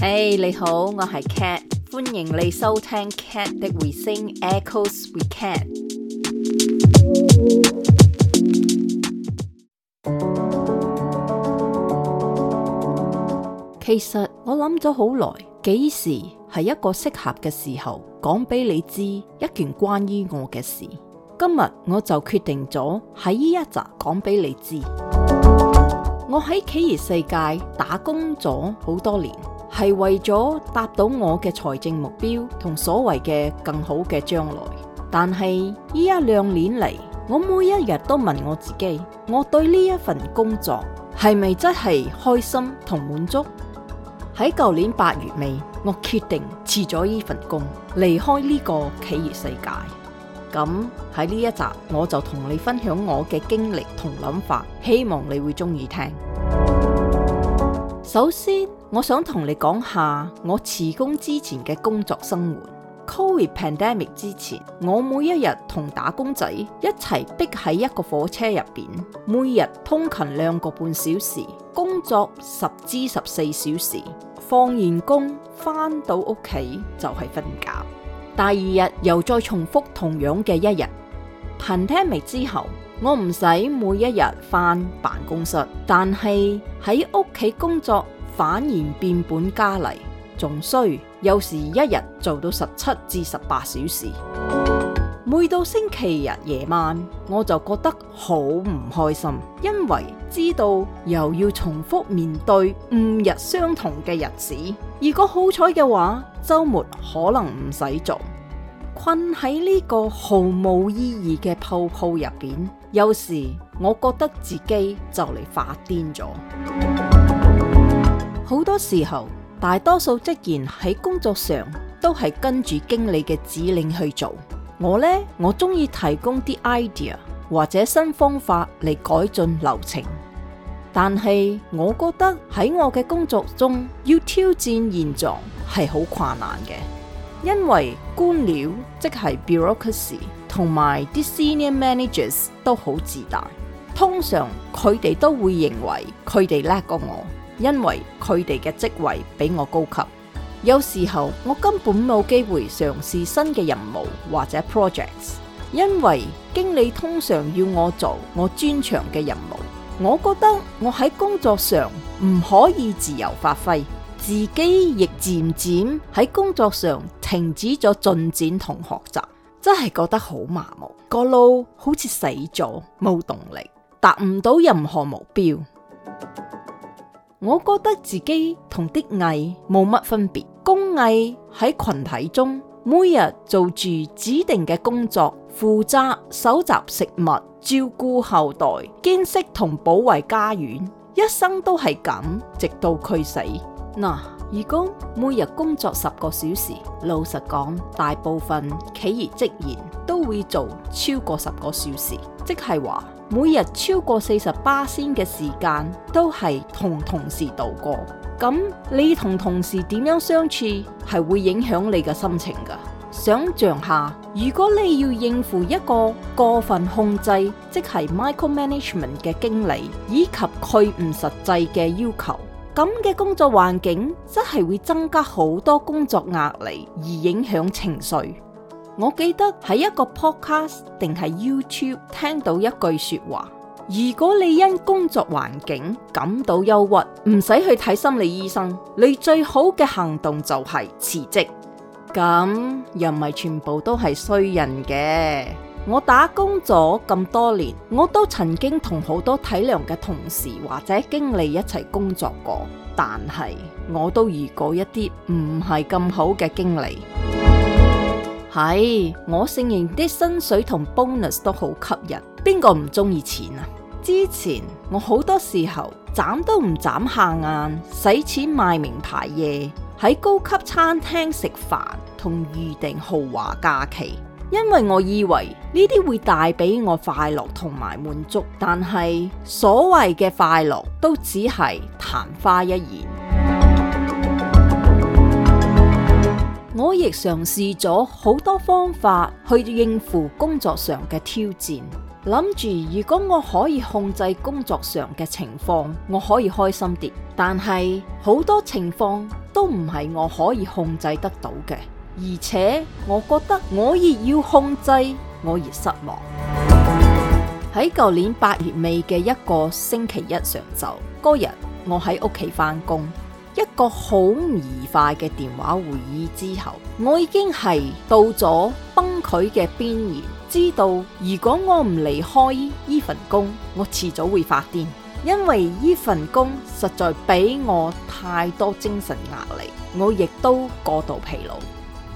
哎，hey，你好，我係 Kat，歡迎你收聽 Kat 的回聲 Echoes with Kat。其實我諗咗好耐，幾時係一個適合嘅時候，講俾你知一件關於我嘅事。今日我就決定咗喺呢一集講俾你知，我喺企業世界打工咗好多年，係為咗達到我嘅財政目標同所謂嘅更好嘅將來。但係呢一兩年嚟，我每一日都問我自己，我對呢一份工作係咪真係開心同滿足？喺舊年八月尾，我決定辭咗呢份工，離開呢個企業世界。咁喺呢一集，我就同你分享我嘅經歷同諗法，希望你會中意聽。首先，我想同你講下我辭工之前嘅工作生活。COVID pandemic 之前，我每一日同打工仔一齊逼喺一個火車入邊，每日通勤兩個半小時，工作十至十四小時，放完工返到屋企就係瞓覺。第二日又再重複同樣嘅一日。疫情之後，我唔使每一日返辦公室，但係喺屋企工作反而變本加厲，仲衰有時一日做到十七至十八小時。每到星期日夜晚，我就覺得好唔開心，因為，知道又要重複面對五日相同嘅日子，如果好彩嘅話，周末可能唔使做困喺呢個毫無意義嘅泡泡入邊。有時我覺得自己就嚟發癲咗。好多時候，大多數職員喺工作上都係跟住經理嘅指令去做。我呢，我中意提供啲 idea 或者新方法嚟改進流程。但係我覺得喺我嘅工作中要挑戰現狀係好困難嘅，因為官僚即係 bureaucracy，同埋啲 senior managers 都好自大。通常佢哋都會認為佢哋叻過我，因為佢哋嘅職位比我高級。有時候我根本冇機會嘗試新嘅任務或者 projects，因為經理通常要我做我專長嘅任務。我覺得我喺工作上唔可以自由發揮，自己亦漸漸喺工作上停止咗進展同學習，真係覺得好麻木，個路好似死咗，冇動力，達唔到任何目標。我覺得自己同啲蟻冇乜分別，工蟻喺群體中。每日做住指定嘅工作，負責收集食物、照顧後代、建設同保衛家園，一生都係咁，直到佢死。嗱、啊，如果每日工作十個小時，老實講，大部分企業職員都會做超過十個小時，即係話每日超過四十八巴仙嘅時間都係同同事度過。咁你同同事點樣相處係會影響你嘅心情噶？想象下，如果你要應付一個過分控制，即係 micro management 嘅經理，以及佢唔實際嘅要求，咁嘅工作環境真係會增加好多工作壓力，而影響情緒。我記得喺一個 podcast 定係 YouTube 聽到一句說話。如果你因工作環境感到憂鬱，唔使去睇心理醫生，你最好嘅行動就係辭職。咁又唔係全部都係衰人嘅。我打工咗咁多年，我都曾經同好多體諒嘅同事或者經理一齊工作過，但係我都遇過一啲唔係咁好嘅經理。係，我承認啲薪水同 bonus 都好吸引，邊個唔中意錢啊？之前我好多時候眨都唔眨下眼，使錢買名牌嘢，喺高級餐廳食飯同預定豪華假期，因為我以為呢啲會帶俾我快樂同埋滿足，但係所謂嘅快樂都只係曇花一現。我亦嘗試咗好多方法去應付工作上嘅挑戰，諗住如果我可以控制工作上嘅情況，我可以開心啲。但係好多情況都唔係我可以控制得到嘅，而且我覺得我越要控制，我越失望。喺舊年八月尾嘅一個星期一上晝，嗰日我喺屋企翻工。一個好唔愉快嘅電話會議之後，我已經係到咗崩潰嘅邊緣。知道如果我唔離開呢份工，我遲早會發癲，因為呢份工實在俾我太多精神壓力，我亦都過度疲勞。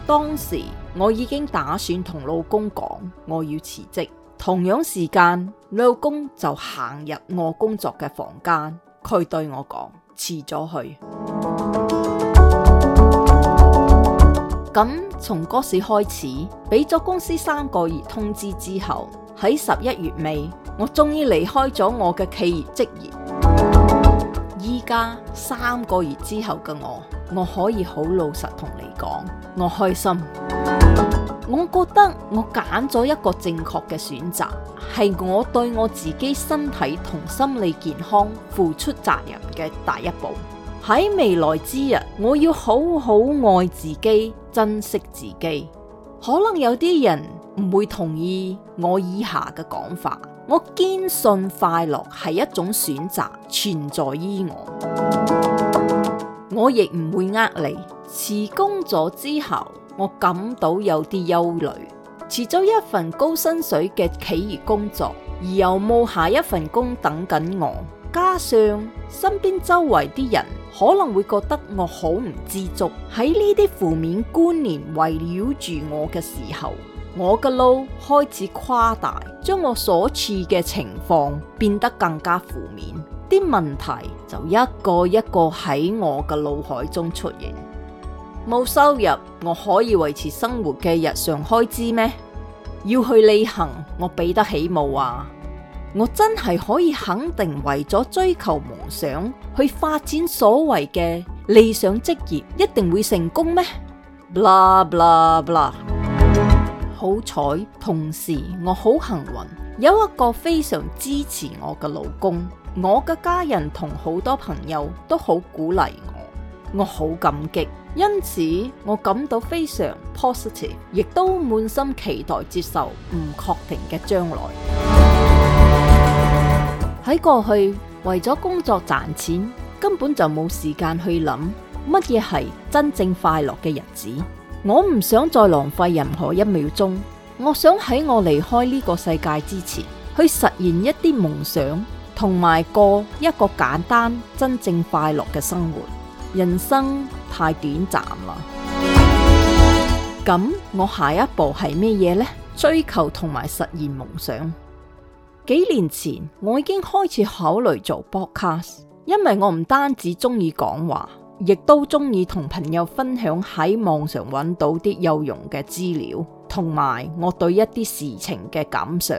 當時我已經打算同老公講我要辭職，同樣時間，老公就行入我工作嘅房間，佢對我講：辭咗去。咁從嗰時開始，俾咗公司三個月通知之後，喺十一月尾，我終於離開咗我嘅企業職業。依家三個月之後嘅我，我可以好老實同你講，我開心。我覺得我揀咗一個正確嘅選擇，係我對我自己身體同心理健康付出責任嘅第一步。喺未來之日，我要好好愛自己。珍惜自己，可能有啲人唔會同意我以下嘅講法。我堅信快樂係一種選擇，存在於我。我亦唔會呃你。辭工咗之後，我感到有啲憂慮。辭咗一份高薪水嘅企業工作，而又冇下一份工等緊我，加上身邊周圍啲人。可能會覺得我好唔知足，喺呢啲負面觀念圍繞住我嘅時候，我嘅腦開始誇大，將我所處嘅情況變得更加負面，啲問題就一個一個喺我嘅腦海中出現。冇收入，我可以維持生活嘅日常開支咩？要去旅行，我畀得起冇啊？我真係可以肯定，為咗追求夢想去發展所謂嘅理想職業，一定會成功咩？Blah, blah, blah. 好彩，同時我好幸運，有一個非常支持我嘅老公，我嘅家人同好多朋友都好鼓勵我，我好感激，因此我感到非常 positive，亦都滿心期待接受唔確定嘅將來。喺過去為咗工作賺錢，根本就冇時間去諗乜嘢係真正快樂嘅日子。我唔想再浪費任何一秒鐘，我想喺我離開呢個世界之前，去實現一啲夢想，同埋過一個簡單、真正快樂嘅生活。人生太短暫啦！咁 我下一步係咩嘢呢？追求同埋實現夢想。幾年前，我已經開始考慮做播客，因為我唔單止鍾意講話，亦都鍾意同朋友分享喺網上揾到啲有用嘅資料，同埋我對一啲事情嘅感想。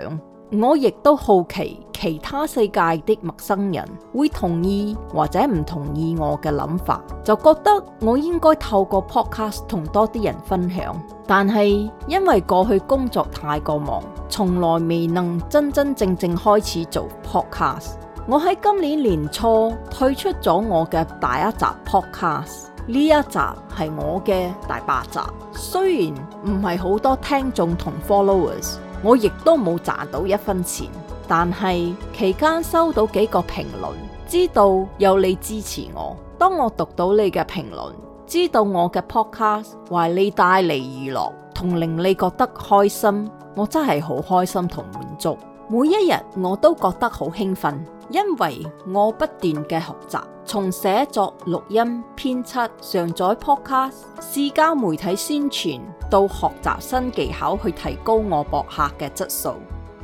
我亦都好奇其他世界的陌生人會同意或者唔同意我嘅諗法，就覺得我應該透過 podcast 同多啲人分享。但係因為過去工作太過忙，從來未能真真正正開始做 podcast。我喺今年年初退出咗我嘅第一集 podcast，呢一集係我嘅第八集，雖然唔係好多聽眾同 followers。我亦都冇賺到一分錢，但係期間收到幾個評論，知道有你支持我。當我讀到你嘅評論，知道我嘅 podcast 為你帶嚟娛樂同令你覺得開心，我真係好開心同滿足。每一日我都覺得好興奮。因為我不斷嘅學習，從寫作、錄音、編輯、上載 Podcast、社交媒體宣傳，到學習新技巧去提高我博客嘅質素，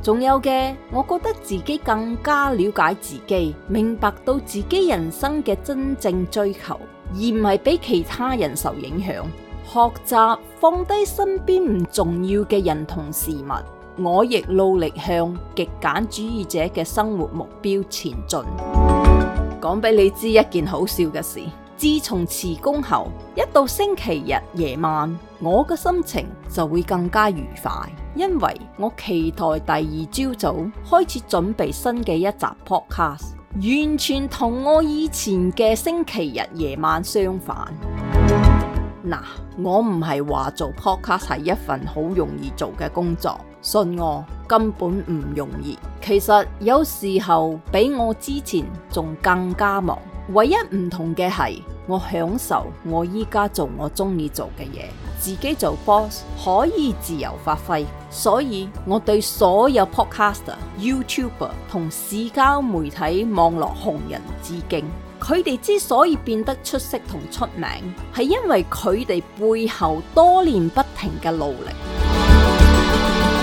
仲有嘅，我覺得自己更加了解自己，明白到自己人生嘅真正追求，而唔係俾其他人受影響。學習放低身邊唔重要嘅人同事物。我亦努力向極簡主義者嘅生活目標前進。講俾你知一件好笑嘅事：自從辭工後，一到星期日夜晚，我嘅心情就會更加愉快，因為我期待第二朝早開始準備新嘅一集 podcast，完全同我以前嘅星期日夜晚相反。嗱，我唔係話做 podcast 係一份好容易做嘅工作，信我根本唔容易。其實有時候比我之前仲更加忙，唯一唔同嘅係我享受我依家做我中意做嘅嘢，自己做 boss 可以自由發揮。所以我對所有 podcaster、YouTuber 同社交媒體網絡紅人致敬。佢哋之所以變得出色同出名，係因為佢哋背後多年不停嘅努力。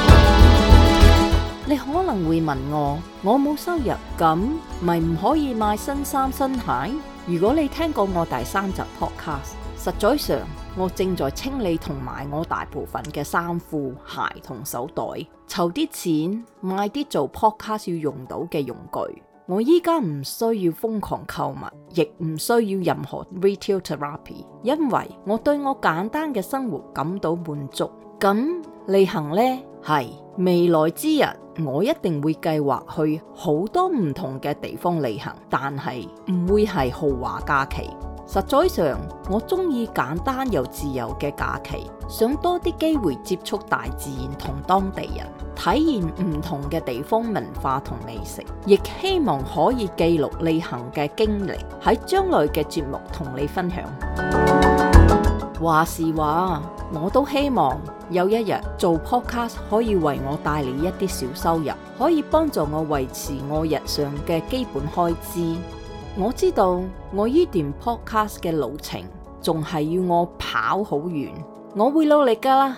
你可能會問我，我冇收入，咁咪唔可以買新衫新鞋？如果你聽過我第三集 podcast，實在上我正在清理同埋我大部分嘅衫褲、鞋同手袋，籌啲錢買啲做 podcast 要用到嘅用具。我依家唔需要瘋狂購物，亦唔需要任何 retail therapy，因為我對我簡單嘅生活感到滿足。咁旅行咧，係未來之日，我一定會計劃去好多唔同嘅地方旅行，但係唔會係豪華假期。實在上，我中意簡單又自由嘅假期，想多啲機會接觸大自然同當地人，體驗唔同嘅地方文化同美食，亦希望可以記錄旅行嘅經歷，喺將來嘅節目同你分享。話時話，我都希望有一日做 podcast 可以為我帶嚟一啲小收入，可以幫助我維持我日常嘅基本開支。我知道我呢段 podcast 嘅路程仲係要我跑好遠，我會努力噶啦。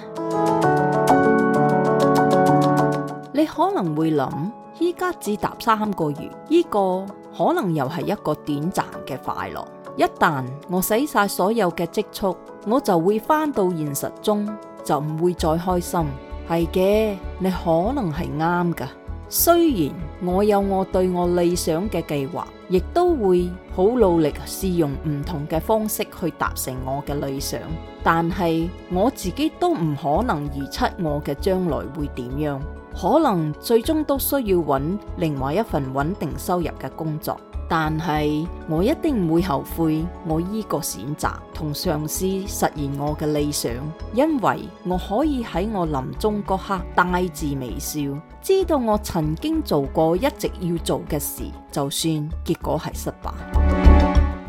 你可能會諗，依家只搭三個月，呢個可能又係一個短暫嘅快樂。一旦我使晒所有嘅積蓄，我就會翻到現實中，就唔會再開心。係嘅，你可能係啱噶。雖然我有我對我理想嘅計劃，亦都會好努力試用唔同嘅方式去達成我嘅理想，但係我自己都唔可能預測我嘅將來會點樣，可能最終都需要揾另外一份穩定收入嘅工作。但係我一定唔會後悔，我依個選擇同嘗試實現我嘅理想，因為我可以喺我臨終嗰刻帶住微笑，知道我曾經做過一直要做嘅事，就算結果係失敗，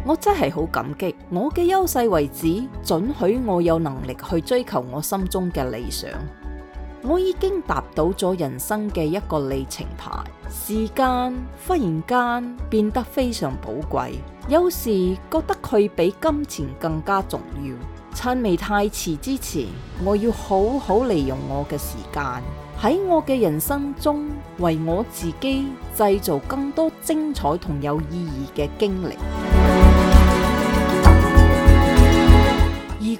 我真係好感激我嘅優勢為止，准許我有能力去追求我心中嘅理想。我已經達到咗人生嘅一個里程碑。時間忽然間變得非常寶貴，有時覺得佢比金錢更加重要。趁未太遲之前，我要好好利用我嘅時間，喺我嘅人生中為我自己製造更多精彩同有意義嘅經歷。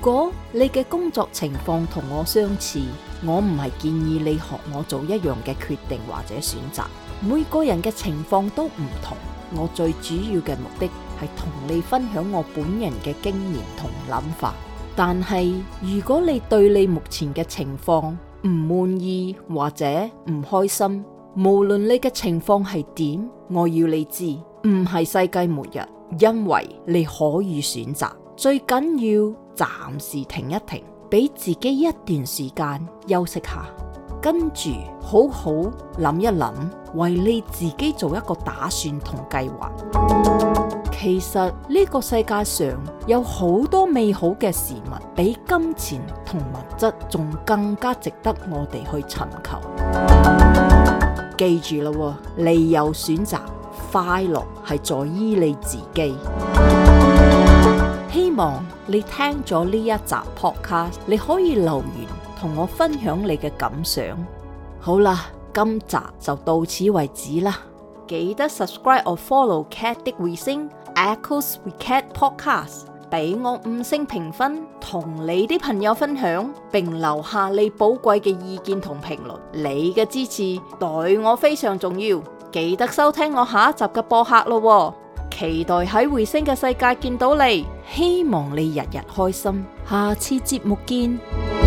如果你嘅工作情況同我相似，我唔係建議你學我做一樣嘅決定或者選擇。每個人嘅情況都唔同，我最主要嘅目的係同你分享我本人嘅經驗同諗法。但係如果你對你目前嘅情況唔滿意或者唔開心，無論你嘅情況係點，我要你知，唔係世界末日，因為你可以選擇。最緊要暫時停一停，俾自己一段時間休息下，跟住好好諗一諗，為你自己做一個打算同計劃。其實呢個世界上有好多美好嘅事物，比金錢同物質仲更加值得我哋去尋求。記住了，你有選擇，快樂係在於你自己。希望你聽咗呢一集 podcast，你可以留言同我分享你嘅感想。好啦，今集就到此為止啦。記得 subscribe or follow Kat 的回聲 Echoes with Kat podcast，俾我五星評分，同你啲朋友分享，並留下你寶貴嘅意見同評論。你嘅支持對我非常重要。記得收聽我下一集嘅播客咯。期待喺回聲嘅世界見到你，希望你日日開心，下次節目見。